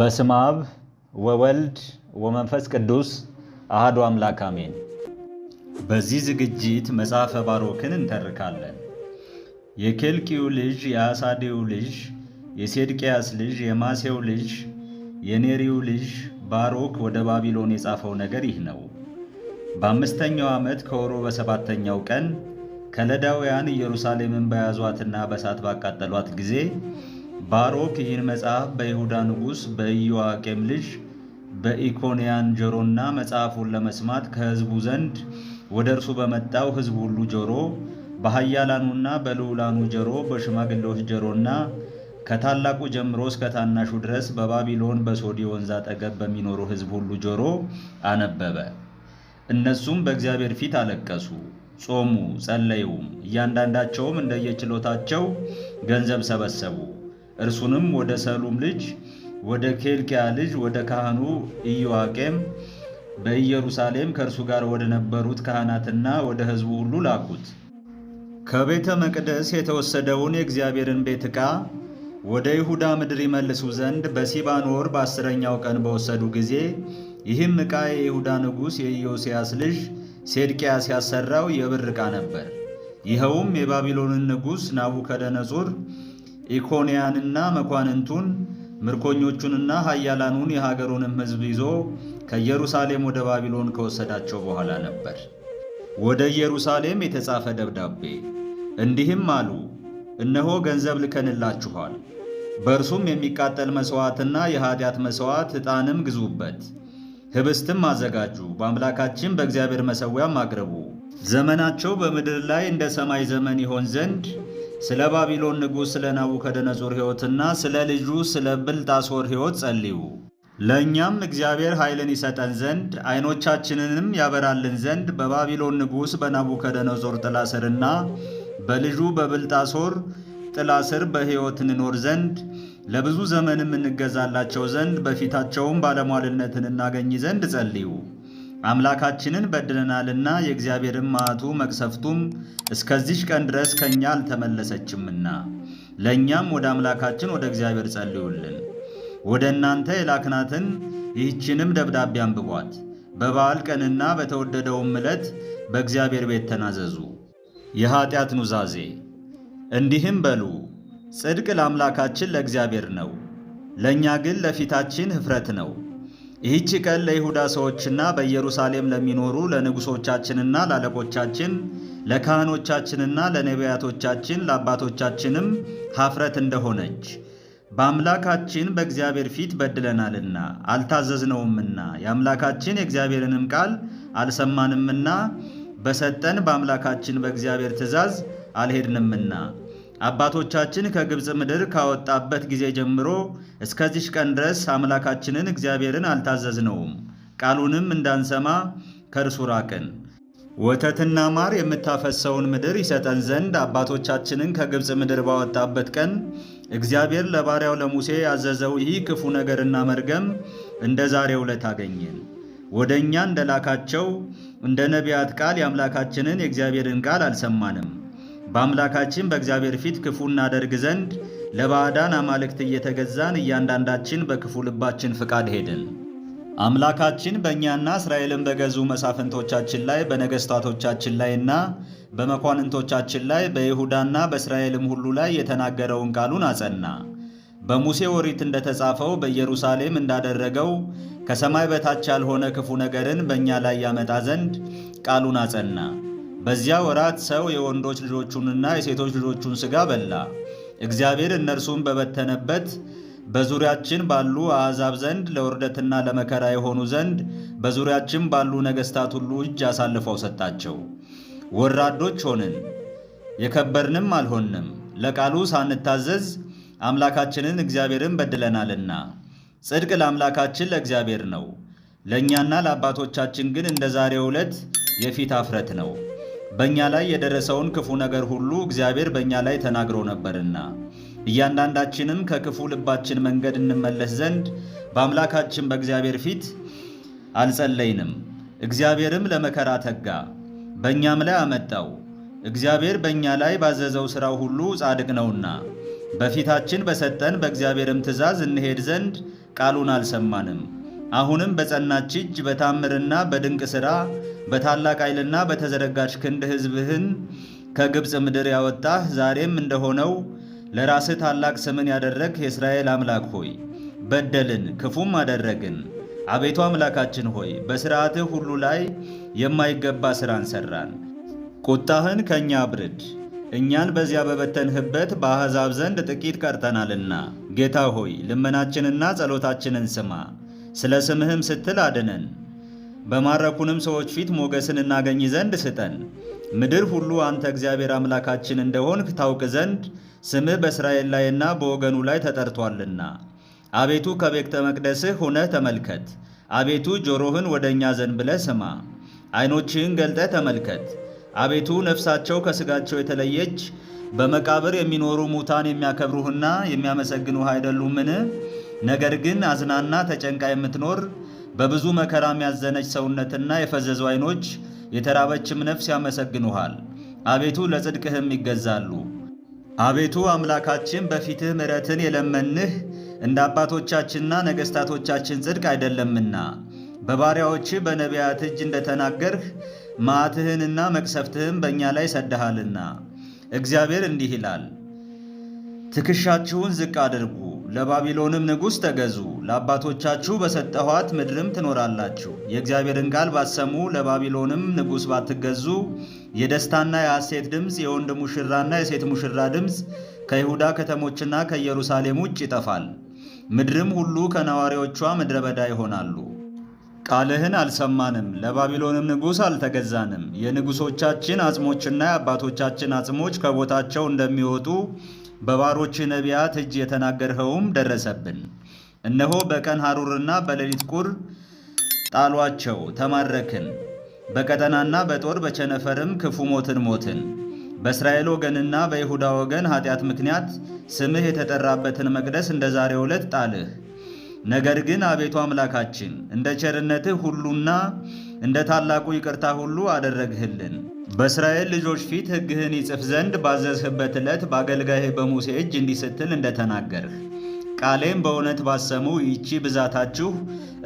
በስመ አብ ወወልድ ወመንፈስ ቅዱስ አሐዱ አምላክ አሜን። በዚህ ዝግጅት መጽሐፈ ባሮክን እንተርካለን። የኬልቂው ልጅ የአሳዴው ልጅ የሴድቅያስ ልጅ የማሴው ልጅ የኔሪው ልጅ ባሮክ ወደ ባቢሎን የጻፈው ነገር ይህ ነው። በአምስተኛው ዓመት ከወሩ በሰባተኛው ቀን ከለዳውያን ኢየሩሳሌምን በያዟትና በእሳት ባቃጠሏት ጊዜ ባሮክ ይህን መጽሐፍ በይሁዳ ንጉሥ በኢዮአቄም ልጅ በኢኮንያን ጆሮና መጽሐፉን ለመስማት ከሕዝቡ ዘንድ ወደ እርሱ በመጣው ሕዝብ ሁሉ ጆሮ በኃያላኑና በልዑላኑ ጆሮ በሽማግሌዎች ጆሮና ከታላቁ ጀምሮ እስከ ታናሹ ድረስ በባቢሎን በሶዲ ወንዝ አጠገብ በሚኖሩ ሕዝብ ሁሉ ጆሮ አነበበ። እነሱም በእግዚአብሔር ፊት አለቀሱ፣ ጾሙ፣ ጸለዩም። እያንዳንዳቸውም እንደየችሎታቸው ገንዘብ ሰበሰቡ። እርሱንም ወደ ሰሉም ልጅ ወደ ኬልኪያ ልጅ ወደ ካህኑ ኢዮአቄም በኢየሩሳሌም ከእርሱ ጋር ወደ ነበሩት ካህናትና ወደ ሕዝቡ ሁሉ ላኩት። ከቤተ መቅደስ የተወሰደውን የእግዚአብሔርን ቤት ዕቃ ወደ ይሁዳ ምድር ይመልሱ ዘንድ በሲባን ወር በአስረኛው ቀን በወሰዱ ጊዜ ይህም ዕቃ የይሁዳ ንጉሥ የኢዮስያስ ልጅ ሴድቅያስ ያሰራው የብር ዕቃ ነበር። ይኸውም የባቢሎንን ንጉሥ ናቡከደነጹር ኢኮንያንና መኳንንቱን ምርኮኞቹንና ኃያላኑን የሀገሩንም ሕዝብ ይዞ ከኢየሩሳሌም ወደ ባቢሎን ከወሰዳቸው በኋላ ነበር። ወደ ኢየሩሳሌም የተጻፈ ደብዳቤ እንዲህም አሉ። እነሆ ገንዘብ ልከንላችኋል። በእርሱም የሚቃጠል መሥዋዕትና የኀጢአት መሥዋዕት ዕጣንም ግዙበት፣ ኅብስትም አዘጋጁ፣ በአምላካችን በእግዚአብሔር መሠዊያም አቅርቡ። ዘመናቸው በምድር ላይ እንደ ሰማይ ዘመን ይሆን ዘንድ ስለ ባቢሎን ንጉሥ ስለ ናቡከደነጾር ሕይወትና ስለ ልጁ ስለ ብልጣሶር ሕይወት ጸልዩ። ለእኛም እግዚአብሔር ኃይልን ይሰጠን ዘንድ ዐይኖቻችንንም ያበራልን ዘንድ በባቢሎን ንጉሥ በናቡከደነጾር ጥላ ስርና በልጁ በብልጣሶር ጥላ ስር በሕይወት እንኖር ዘንድ ለብዙ ዘመንም እንገዛላቸው ዘንድ በፊታቸውም ባለሟልነትን እናገኝ ዘንድ ጸልዩ። አምላካችንን በድለናልና የእግዚአብሔርን መዓቱ መቅሰፍቱም እስከዚች ቀን ድረስ ከእኛ አልተመለሰችምና ለእኛም ወደ አምላካችን ወደ እግዚአብሔር ጸልዩልን። ወደ እናንተ የላክናትን ይህችንም ደብዳቤ አንብቧት። በበዓል ቀንና በተወደደውም ዕለት በእግዚአብሔር ቤት ተናዘዙ። የኀጢአት ኑዛዜ እንዲህም በሉ፣ ጽድቅ ለአምላካችን ለእግዚአብሔር ነው፣ ለእኛ ግን ለፊታችን ኅፍረት ነው። ይህች ቀን ለይሁዳ ሰዎችና በኢየሩሳሌም ለሚኖሩ ለንጉሶቻችንና ላለቆቻችን ለካህኖቻችንና ለነቢያቶቻችን ለአባቶቻችንም ሀፍረት እንደሆነች በአምላካችን በእግዚአብሔር ፊት በድለናልና አልታዘዝነውምና የአምላካችን የእግዚአብሔርንም ቃል አልሰማንምና በሰጠን በአምላካችን በእግዚአብሔር ትእዛዝ አልሄድንምና አባቶቻችን ከግብፅ ምድር ካወጣበት ጊዜ ጀምሮ እስከዚሽ ቀን ድረስ አምላካችንን እግዚአብሔርን አልታዘዝነውም፣ ቃሉንም እንዳንሰማ ከእርሱ ራቅን። ወተትና ማር የምታፈሰውን ምድር ይሰጠን ዘንድ አባቶቻችንን ከግብፅ ምድር ባወጣበት ቀን እግዚአብሔር ለባሪያው ለሙሴ ያዘዘው ይህ ክፉ ነገርና መርገም እንደ ዛሬው ዕለት አገኘን። ወደ እኛ እንደላካቸው እንደ ነቢያት ቃል የአምላካችንን የእግዚአብሔርን ቃል አልሰማንም። በአምላካችን በእግዚአብሔር ፊት ክፉ እናደርግ ዘንድ ለባዕዳን አማልክት እየተገዛን እያንዳንዳችን በክፉ ልባችን ፍቃድ ሄድን። አምላካችን በእኛና እስራኤልን በገዙ መሳፍንቶቻችን ላይ በነገሥታቶቻችን ላይና በመኳንንቶቻችን ላይ በይሁዳና በእስራኤልም ሁሉ ላይ የተናገረውን ቃሉን አጸና። በሙሴ ወሪት እንደተጻፈው በኢየሩሳሌም እንዳደረገው ከሰማይ በታች ያልሆነ ክፉ ነገርን በእኛ ላይ ያመጣ ዘንድ ቃሉን አጸና። በዚያ ወራት ሰው የወንዶች ልጆቹንና የሴቶች ልጆቹን ሥጋ በላ። እግዚአብሔር እነርሱን በበተነበት በዙሪያችን ባሉ አሕዛብ ዘንድ ለውርደትና ለመከራ የሆኑ ዘንድ በዙሪያችን ባሉ ነገሥታት ሁሉ እጅ አሳልፈው ሰጣቸው። ወራዶች ሆንን፣ የከበርንም አልሆንም። ለቃሉ ሳንታዘዝ አምላካችንን እግዚአብሔርን በድለናልና። ጽድቅ ለአምላካችን ለእግዚአብሔር ነው፣ ለእኛና ለአባቶቻችን ግን እንደ ዛሬው ዕለት የፊት አፍረት ነው። በእኛ ላይ የደረሰውን ክፉ ነገር ሁሉ እግዚአብሔር በእኛ ላይ ተናግሮ ነበርና እያንዳንዳችንም ከክፉ ልባችን መንገድ እንመለስ ዘንድ በአምላካችን በእግዚአብሔር ፊት አልጸለይንም። እግዚአብሔርም ለመከራ ተጋ፣ በእኛም ላይ አመጣው። እግዚአብሔር በእኛ ላይ ባዘዘው ሥራው ሁሉ ጻድቅ ነውና በፊታችን በሰጠን በእግዚአብሔርም ትእዛዝ እንሄድ ዘንድ ቃሉን አልሰማንም። አሁንም በጸናች እጅ በታምርና በድንቅ ሥራ በታላቅ ኃይልና በተዘረጋች ክንድ ሕዝብህን ከግብፅ ምድር ያወጣህ ዛሬም እንደሆነው ለራስህ ታላቅ ስምን ያደረግ የእስራኤል አምላክ ሆይ በደልን፣ ክፉም አደረግን። አቤቱ አምላካችን ሆይ በሥርዓትህ ሁሉ ላይ የማይገባ ሥራን ሠራን። ቁጣህን ከእኛ አብርድ፣ እኛን በዚያ በበተንህበት በአሕዛብ ዘንድ ጥቂት ቀርተናልና። ጌታ ሆይ ልመናችንና ጸሎታችንን ስማ፣ ስለ ስምህም ስትል አድነን። በማረኩንም ሰዎች ፊት ሞገስን እናገኝ ዘንድ ስጠን። ምድር ሁሉ አንተ እግዚአብሔር አምላካችን እንደሆንክ ታውቅ ዘንድ ስምህ በእስራኤል ላይና በወገኑ ላይ ተጠርቷልና። አቤቱ ከቤተ መቅደስህ ሆነህ ተመልከት። አቤቱ ጆሮህን ወደ እኛ ዘንድ ብለህ ስማ። ዐይኖችህን ገልጠህ ተመልከት። አቤቱ ነፍሳቸው ከሥጋቸው የተለየች በመቃብር የሚኖሩ ሙታን የሚያከብሩህና የሚያመሰግኑህ አይደሉምን? ነገር ግን አዝናና ተጨንቃ የምትኖር በብዙ መከራም ያዘነች ሰውነትና የፈዘዙ ዓይኖች የተራበችም ነፍስ ያመሰግኑሃል። አቤቱ ለጽድቅህም ይገዛሉ። አቤቱ አምላካችን በፊትህ ምሕረትን የለመንህ እንደ አባቶቻችንና ነገሥታቶቻችን ጽድቅ አይደለምና በባሪያዎች በነቢያት እጅ እንደተናገርህ መዓትህንና መቅሰፍትህን በእኛ ላይ ሰድሃልና። እግዚአብሔር እንዲህ ይላል፣ ትከሻችሁን ዝቅ አድርጉ ለባቢሎንም ንጉሥ ተገዙ፣ ለአባቶቻችሁ በሰጠኋት ምድርም ትኖራላችሁ። የእግዚአብሔርን ቃል ባትሰሙ፣ ለባቢሎንም ንጉሥ ባትገዙ፣ የደስታና የሐሴት ድምፅ፣ የወንድ ሙሽራና የሴት ሙሽራ ድምፅ ከይሁዳ ከተሞችና ከኢየሩሳሌም ውጭ ይጠፋል። ምድርም ሁሉ ከነዋሪዎቿ ምድረ በዳ ይሆናሉ። ቃልህን አልሰማንም፣ ለባቢሎንም ንጉሥ አልተገዛንም። የንጉሶቻችን አጽሞችና የአባቶቻችን አጽሞች ከቦታቸው እንደሚወጡ በባሮች ነቢያት እጅ የተናገርኸውም ደረሰብን። እነሆ በቀን ሐሩርና በሌሊት ቁር ጣሏቸው፣ ተማረክን። በቀጠናና በጦር በቸነፈርም ክፉ ሞትን ሞትን። በእስራኤል ወገንና በይሁዳ ወገን ኃጢአት ምክንያት ስምህ የተጠራበትን መቅደስ እንደ ዛሬው ዕለት ጣልህ። ነገር ግን አቤቱ አምላካችን እንደ ቸርነትህ ሁሉና እንደ ታላቁ ይቅርታ ሁሉ አደረግህልን። በእስራኤል ልጆች ፊት ሕግህን ይጽፍ ዘንድ ባዘዝህበት ዕለት በአገልጋይህ በሙሴ እጅ እንዲህ ስትል እንደተናገርህ ቃሌም በእውነት ባሰሙ ይቺ ብዛታችሁ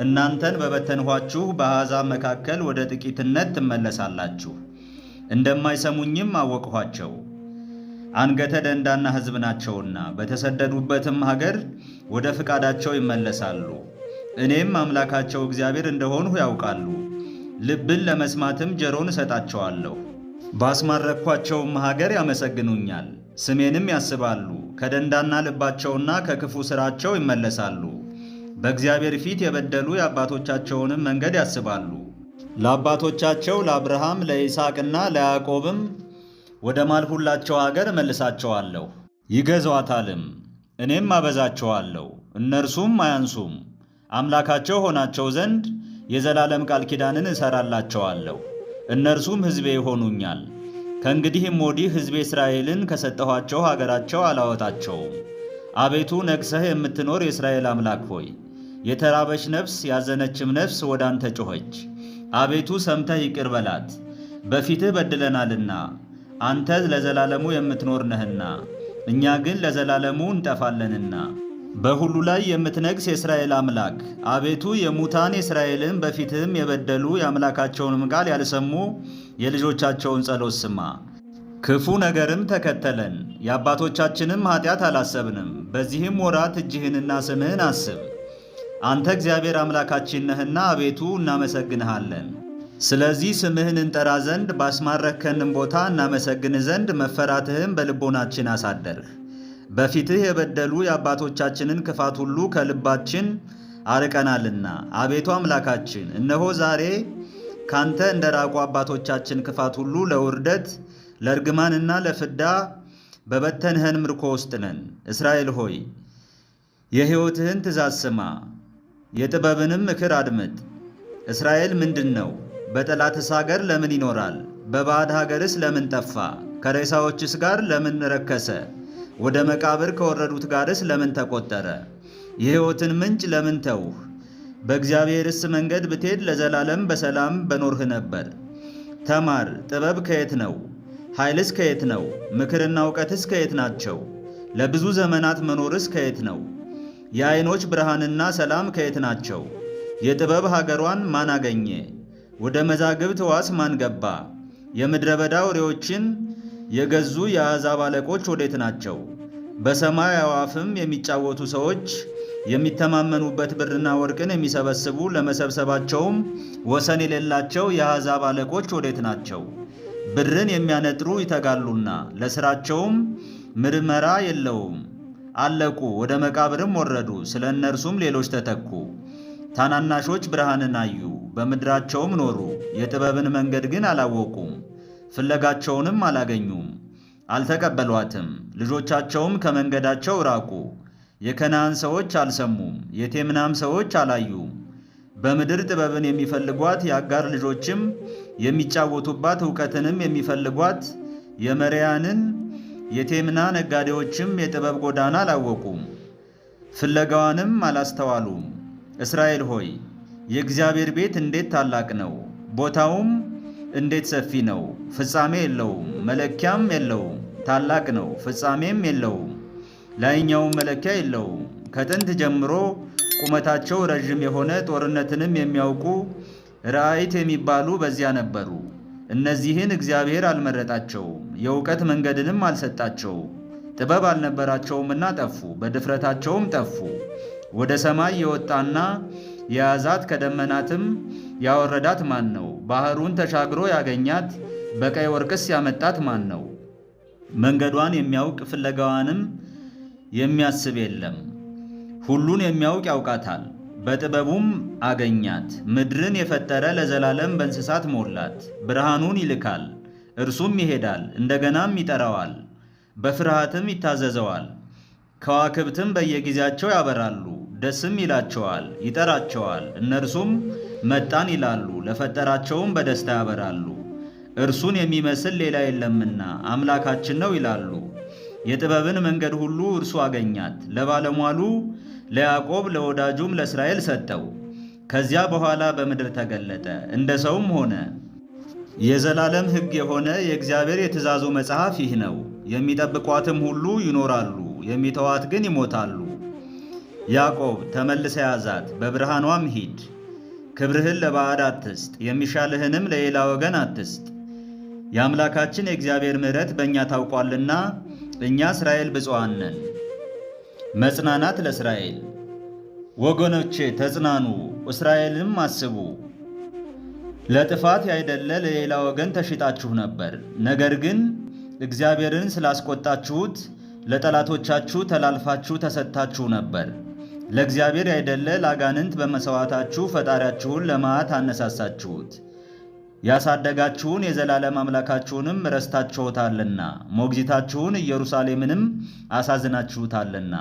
እናንተን በበተንኋችሁ በአሕዛብ መካከል ወደ ጥቂትነት ትመለሳላችሁ። እንደማይሰሙኝም አወቅኋቸው፣ አንገተ ደንዳና ሕዝብ ናቸውና በተሰደዱበትም ሀገር ወደ ፍቃዳቸው ይመለሳሉ። እኔም አምላካቸው እግዚአብሔር እንደሆንሁ ያውቃሉ። ልብን ለመስማትም ጀሮን እሰጣቸዋለሁ። ባስማረኳቸውም ሀገር ያመሰግኑኛል፣ ስሜንም ያስባሉ። ከደንዳና ልባቸውና ከክፉ ሥራቸው ይመለሳሉ። በእግዚአብሔር ፊት የበደሉ የአባቶቻቸውንም መንገድ ያስባሉ። ለአባቶቻቸው ለአብርሃም ለይስሐቅና ለያዕቆብም ወደ ማልሁላቸው አገር እመልሳቸዋለሁ፣ ይገዟታልም። እኔም አበዛቸዋለሁ፣ እነርሱም አያንሱም። አምላካቸው ሆናቸው ዘንድ የዘላለም ቃል ኪዳንን እሰራላቸዋለሁ። እነርሱም ሕዝቤ ይሆኑኛል። ከእንግዲህም ወዲህ ሕዝቤ እስራኤልን ከሰጠኋቸው አገራቸው አላወጣቸውም። አቤቱ ነግሰህ የምትኖር የእስራኤል አምላክ ሆይ የተራበች ነፍስ ያዘነችም ነፍስ ወደ አንተ ጮኸች። አቤቱ ሰምተህ ይቅር በላት፣ በፊትህ በድለናልና። አንተ ለዘላለሙ የምትኖር ነህና፣ እኛ ግን ለዘላለሙ እንጠፋለንና በሁሉ ላይ የምትነግስ የእስራኤል አምላክ አቤቱ የሙታን እስራኤልን በፊትህም የበደሉ የአምላካቸውንም ቃል ያልሰሙ የልጆቻቸውን ጸሎት ስማ። ክፉ ነገርም ተከተለን፣ የአባቶቻችንም ኃጢአት አላሰብንም። በዚህም ወራት እጅህንና ስምህን አስብ። አንተ እግዚአብሔር አምላካችን ነህና አቤቱ እናመሰግንሃለን። ስለዚህ ስምህን እንጠራ ዘንድ ባስማረከንም ቦታ እናመሰግንህ ዘንድ መፈራትህም በልቦናችን አሳደርህ። በፊትህ የበደሉ የአባቶቻችንን ክፋት ሁሉ ከልባችን አርቀናልና። አቤቱ አምላካችን እነሆ ዛሬ ካንተ እንደ ራቁ አባቶቻችን ክፋት ሁሉ ለውርደት ለእርግማንና ለፍዳ በበተንህን ምርኮ ውስጥ ነን። እስራኤል ሆይ የሕይወትህን ትእዛዝ ስማ፣ የጥበብንም ምክር አድምጥ። እስራኤል ምንድን ነው? በጠላትስ ሀገር ለምን ይኖራል? በባዕድ ሀገርስ ለምን ጠፋ? ከሬሳዎችስ ጋር ለምን ረከሰ? ወደ መቃብር ከወረዱት ጋርስ ለምን ተቆጠረ? የሕይወትን ምንጭ ለምን ተውህ? በእግዚአብሔርስ መንገድ ብትሄድ ለዘላለም በሰላም በኖርህ ነበር። ተማር። ጥበብ ከየት ነው? ኃይልስ ከየት ነው? ምክርና እውቀትስ ከየት ናቸው? ለብዙ ዘመናት መኖርስ ከየት ነው? የአይኖች ብርሃንና ሰላም ከየት ናቸው? የጥበብ ሀገሯን ማን አገኘ? ወደ መዛግብት ዋስ ማን ገባ? የምድረ በዳ ወሬዎችን የገዙ የአሕዛብ አለቆች ወዴት ናቸው? በሰማይ አዕዋፍም የሚጫወቱ ሰዎች የሚተማመኑበት ብርና ወርቅን የሚሰበስቡ ለመሰብሰባቸውም ወሰን የሌላቸው የአሕዛብ አለቆች ወዴት ናቸው? ብርን የሚያነጥሩ ይተጋሉና ለሥራቸውም ምርመራ የለውም። አለቁ፣ ወደ መቃብርም ወረዱ፣ ስለ እነርሱም ሌሎች ተተኩ። ታናናሾች ብርሃንን አዩ፣ በምድራቸውም ኖሩ። የጥበብን መንገድ ግን አላወቁም፣ ፍለጋቸውንም አላገኙም። አልተቀበሏትም። ልጆቻቸውም ከመንገዳቸው ራቁ። የከናን ሰዎች አልሰሙም፣ የቴምናም ሰዎች አላዩም። በምድር ጥበብን የሚፈልጓት የአጋር ልጆችም የሚጫወቱባት እውቀትንም የሚፈልጓት የመሪያንን የቴምና ነጋዴዎችም የጥበብ ጎዳና አላወቁም፣ ፍለጋዋንም አላስተዋሉም። እስራኤል ሆይ የእግዚአብሔር ቤት እንዴት ታላቅ ነው! ቦታውም እንዴት ሰፊ ነው! ፍጻሜ የለውም፣ መለኪያም የለውም። ታላቅ ነው፣ ፍጻሜም የለውም፣ ላይኛውም መለኪያ የለውም። ከጥንት ጀምሮ ቁመታቸው ረዥም የሆነ ጦርነትንም የሚያውቁ ራእይት የሚባሉ በዚያ ነበሩ። እነዚህን እግዚአብሔር አልመረጣቸውም፣ የእውቀት መንገድንም አልሰጣቸውም። ጥበብ አልነበራቸውምና ጠፉ፣ በድፍረታቸውም ጠፉ። ወደ ሰማይ የወጣና የያዛት ከደመናትም ያወረዳት ማን ነው? ባህሩን ተሻግሮ ያገኛት በቀይ ወርቅስ ያመጣት ማን ነው? መንገዷን የሚያውቅ ፍለጋዋንም የሚያስብ የለም። ሁሉን የሚያውቅ ያውቃታል፣ በጥበቡም አገኛት። ምድርን የፈጠረ ለዘላለም በእንስሳት ሞላት። ብርሃኑን ይልካል፣ እርሱም ይሄዳል፣ እንደገናም ይጠራዋል፣ በፍርሃትም ይታዘዘዋል። ከዋክብትም በየጊዜያቸው ያበራሉ፣ ደስም ይላቸዋል፣ ይጠራቸዋል። እነርሱም መጣን ይላሉ፣ ለፈጠራቸውም በደስታ ያበራሉ። እርሱን የሚመስል ሌላ የለምና አምላካችን ነው ይላሉ። የጥበብን መንገድ ሁሉ እርሱ አገኛት። ለባለሟሉ ለያዕቆብ ለወዳጁም ለእስራኤል ሰጠው። ከዚያ በኋላ በምድር ተገለጠ፣ እንደ ሰውም ሆነ። የዘላለም ሕግ የሆነ የእግዚአብሔር የትእዛዙ መጽሐፍ ይህ ነው። የሚጠብቋትም ሁሉ ይኖራሉ፣ የሚተዋት ግን ይሞታሉ። ያዕቆብ ተመልሰ ያዛት፣ በብርሃኗም ሂድ። ክብርህን ለባዕድ አትስጥ፣ የሚሻልህንም ለሌላ ወገን አትስጥ። የአምላካችን የእግዚአብሔር ምሕረት በእኛ ታውቋልና እኛ እስራኤል ብፁዓን ነን። መጽናናት ለእስራኤል ወገኖቼ ተጽናኑ፣ እስራኤልንም አስቡ። ለጥፋት ያይደለ ለሌላ ወገን ተሽጣችሁ ነበር። ነገር ግን እግዚአብሔርን ስላስቆጣችሁት ለጠላቶቻችሁ ተላልፋችሁ ተሰጥታችሁ ነበር። ለእግዚአብሔር ያይደለ ለአጋንንት በመሥዋዕታችሁ ፈጣሪያችሁን ለመዓት አነሳሳችሁት። ያሳደጋችሁን የዘላለም አምላካችሁንም ረስታችሁታልና ሞግዚታችሁን ኢየሩሳሌምንም አሳዝናችሁታልና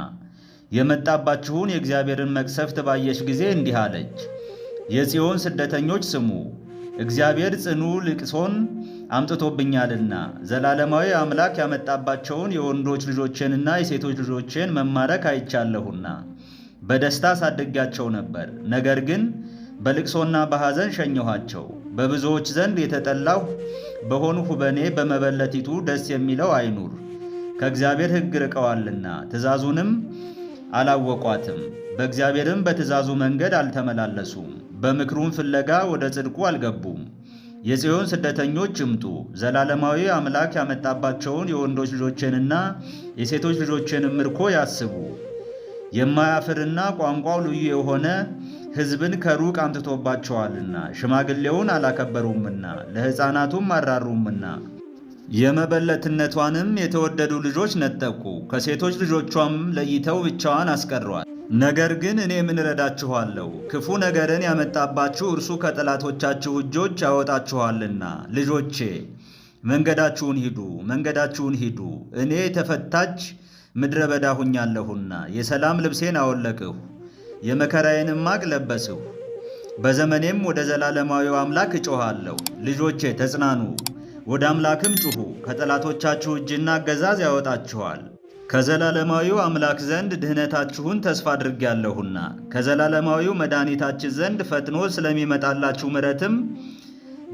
የመጣባችሁን የእግዚአብሔርን መቅሰፍት ባየሽ ጊዜ እንዲህ አለች። የጽዮን ስደተኞች ስሙ፣ እግዚአብሔር ጽኑ ልቅሶን አምጥቶብኛልና ዘላለማዊ አምላክ ያመጣባቸውን የወንዶች ልጆቼንና የሴቶች ልጆቼን መማረክ አይቻለሁና በደስታ ሳድጋቸው ነበር፣ ነገር ግን በልቅሶና በሐዘን ሸኘኋቸው። በብዙዎች ዘንድ የተጠላሁ በሆንሁ በእኔ በመበለቲቱ ደስ የሚለው አይኑር። ከእግዚአብሔር ሕግ ርቀዋልና ትእዛዙንም አላወቋትም። በእግዚአብሔርም በትእዛዙ መንገድ አልተመላለሱም። በምክሩም ፍለጋ ወደ ጽድቁ አልገቡም። የጽዮን ስደተኞች ይምጡ። ዘላለማዊ አምላክ ያመጣባቸውን የወንዶች ልጆችንና የሴቶች ልጆችን ምርኮ ያስቡ። የማያፍርና ቋንቋው ልዩ የሆነ ሕዝብን ከሩቅ አምጥቶባቸዋልና ሽማግሌውን አላከበሩምና ለሕፃናቱም አራሩምና የመበለትነቷንም የተወደዱ ልጆች ነጠቁ፣ ከሴቶች ልጆቿም ለይተው ብቻዋን አስቀሯል። ነገር ግን እኔ ምን እረዳችኋለሁ? ክፉ ነገርን ያመጣባችሁ እርሱ ከጠላቶቻችሁ እጆች ያወጣችኋልና። ልጆቼ መንገዳችሁን ሂዱ፣ መንገዳችሁን ሂዱ፣ እኔ ተፈታች ምድረ በዳ ሁኛለሁና የሰላም ልብሴን አወለቅሁ። የመከራዬንም ማቅ ለበስሁ። በዘመኔም ወደ ዘላለማዊው አምላክ እጮኋለሁ ልጆቼ ተጽናኑ፣ ወደ አምላክም ጩኹ። ከጠላቶቻችሁ እጅና አገዛዝ ያወጣችኋል። ከዘላለማዊው አምላክ ዘንድ ድህነታችሁን ተስፋ ያለሁና ከዘላለማዊው መድኃኒታችን ዘንድ ፈጥኖ ስለሚመጣላችሁ ምረትም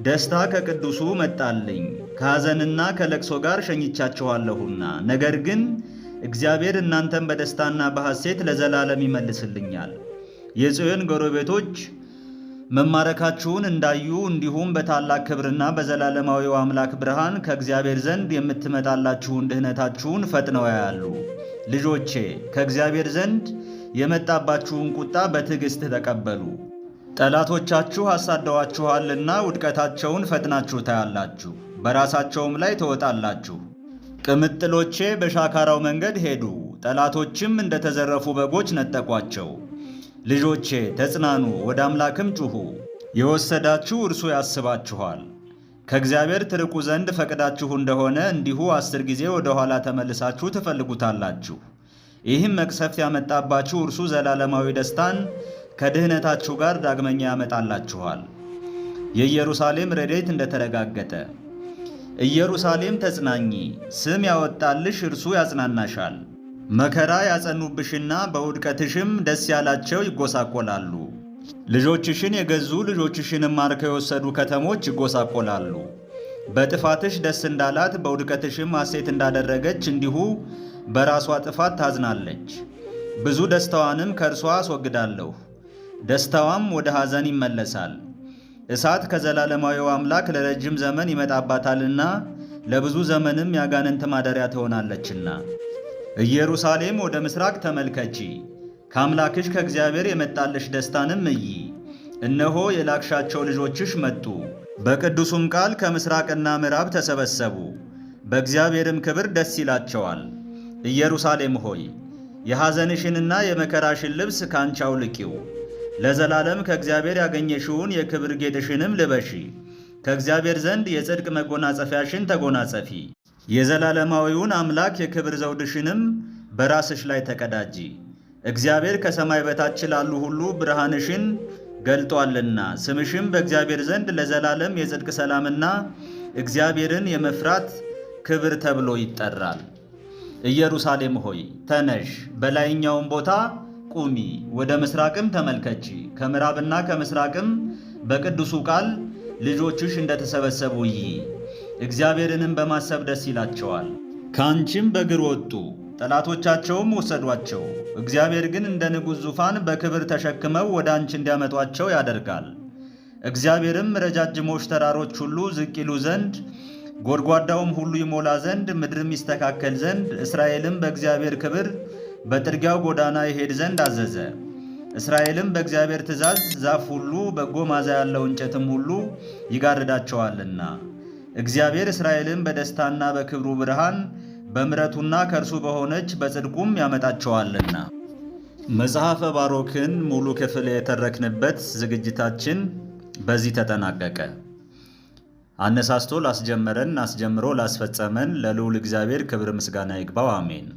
ደስታ ከቅዱሱ መጣልኝ። ከሐዘንና ከለቅሶ ጋር ሸኝቻችኋለሁና ነገር ግን እግዚአብሔር እናንተን በደስታና በሐሴት ለዘላለም ይመልስልኛል። የጽዮን ጎረቤቶች መማረካችሁን እንዳዩ እንዲሁም በታላቅ ክብርና በዘላለማዊው አምላክ ብርሃን ከእግዚአብሔር ዘንድ የምትመጣላችሁን ድህነታችሁን ፈጥነው ያያሉ። ልጆቼ ከእግዚአብሔር ዘንድ የመጣባችሁን ቁጣ በትዕግሥት ተቀበሉ። ጠላቶቻችሁ አሳደዋችኋልና ውድቀታቸውን ፈጥናችሁ ታያላችሁ፣ በራሳቸውም ላይ ትወጣላችሁ። ቅምጥሎቼ በሻካራው መንገድ ሄዱ፣ ጠላቶችም እንደተዘረፉ በጎች ነጠቋቸው። ልጆቼ ተጽናኑ፣ ወደ አምላክም ጩኹ፣ የወሰዳችሁ እርሱ ያስባችኋል። ከእግዚአብሔር ትርቁ ዘንድ ፈቅዳችሁ እንደሆነ እንዲሁ አስር ጊዜ ወደ ኋላ ተመልሳችሁ ትፈልጉታላችሁ። ይህም መቅሰፍት ያመጣባችሁ እርሱ ዘላለማዊ ደስታን ከድህነታችሁ ጋር ዳግመኛ ያመጣላችኋል። የኢየሩሳሌም ረድኤት እንደተረጋገጠ ኢየሩሳሌም ተጽናኚ፣ ስም ያወጣልሽ እርሱ ያጽናናሻል። መከራ ያጸኑብሽና በውድቀትሽም ደስ ያላቸው ይጎሳቆላሉ። ልጆችሽን የገዙ ልጆችሽንም ማርከው የወሰዱ ከተሞች ይጎሳቆላሉ። በጥፋትሽ ደስ እንዳላት በውድቀትሽም ሐሴት እንዳደረገች እንዲሁ በራሷ ጥፋት ታዝናለች። ብዙ ደስታዋንም ከእርሷ አስወግዳለሁ፣ ደስታዋም ወደ ሐዘን ይመለሳል። እሳት ከዘላለማዊው አምላክ ለረጅም ዘመን ይመጣባታልና ለብዙ ዘመንም ያጋንንት ማደሪያ ትሆናለችና። ኢየሩሳሌም ወደ ምስራቅ ተመልከቺ፣ ከአምላክሽ ከእግዚአብሔር የመጣልሽ ደስታንም እይ። እነሆ የላክሻቸው ልጆችሽ መጡ፣ በቅዱሱም ቃል ከምስራቅና ምዕራብ ተሰበሰቡ፣ በእግዚአብሔርም ክብር ደስ ይላቸዋል። ኢየሩሳሌም ሆይ የሐዘንሽንና የመከራሽን ልብስ ካንቺ አውልቂው። ለዘላለም ከእግዚአብሔር ያገኘሽውን የክብር ጌጥሽንም ልበሺ። ከእግዚአብሔር ዘንድ የጽድቅ መጎናጸፊያሽን ተጎናጸፊ። የዘላለማዊውን አምላክ የክብር ዘውድሽንም በራስሽ ላይ ተቀዳጂ። እግዚአብሔር ከሰማይ በታች ላሉ ሁሉ ብርሃንሽን ገልጧልና ስምሽም በእግዚአብሔር ዘንድ ለዘላለም የጽድቅ ሰላምና እግዚአብሔርን የመፍራት ክብር ተብሎ ይጠራል። ኢየሩሳሌም ሆይ ተነሽ፣ በላይኛውም ቦታ ቁሚ፣ ወደ ምስራቅም ተመልከቺ፣ ከምዕራብና ከምስራቅም በቅዱሱ ቃል ልጆችሽ እንደተሰበሰቡ እይ። እግዚአብሔርንም በማሰብ ደስ ይላቸዋል። ከአንቺም በእግር ወጡ፣ ጠላቶቻቸውም ወሰዷቸው። እግዚአብሔር ግን እንደ ንጉሥ ዙፋን በክብር ተሸክመው ወደ አንቺ እንዲያመጧቸው ያደርጋል። እግዚአብሔርም ረጃጅሞች ተራሮች ሁሉ ዝቅ ይሉ ዘንድ ጎድጓዳውም ሁሉ ይሞላ ዘንድ ምድርም ይስተካከል ዘንድ እስራኤልም በእግዚአብሔር ክብር በጥርጊያው ጎዳና ይሄድ ዘንድ አዘዘ። እስራኤልም በእግዚአብሔር ትእዛዝ ዛፍ ሁሉ በጎ ማዛ ያለው እንጨትም ሁሉ ይጋርዳቸዋልና እግዚአብሔር እስራኤልን በደስታና በክብሩ ብርሃን በምረቱና ከእርሱ በሆነች በጽድቁም ያመጣቸዋልና። መጽሐፈ ባሮክን ሙሉ ክፍል የተረክንበት ዝግጅታችን በዚህ ተጠናቀቀ። አነሳስቶ ላስጀመረን አስጀምሮ ላስፈጸመን ለልዑል እግዚአብሔር ክብር ምስጋና ይግባው፣ አሜን።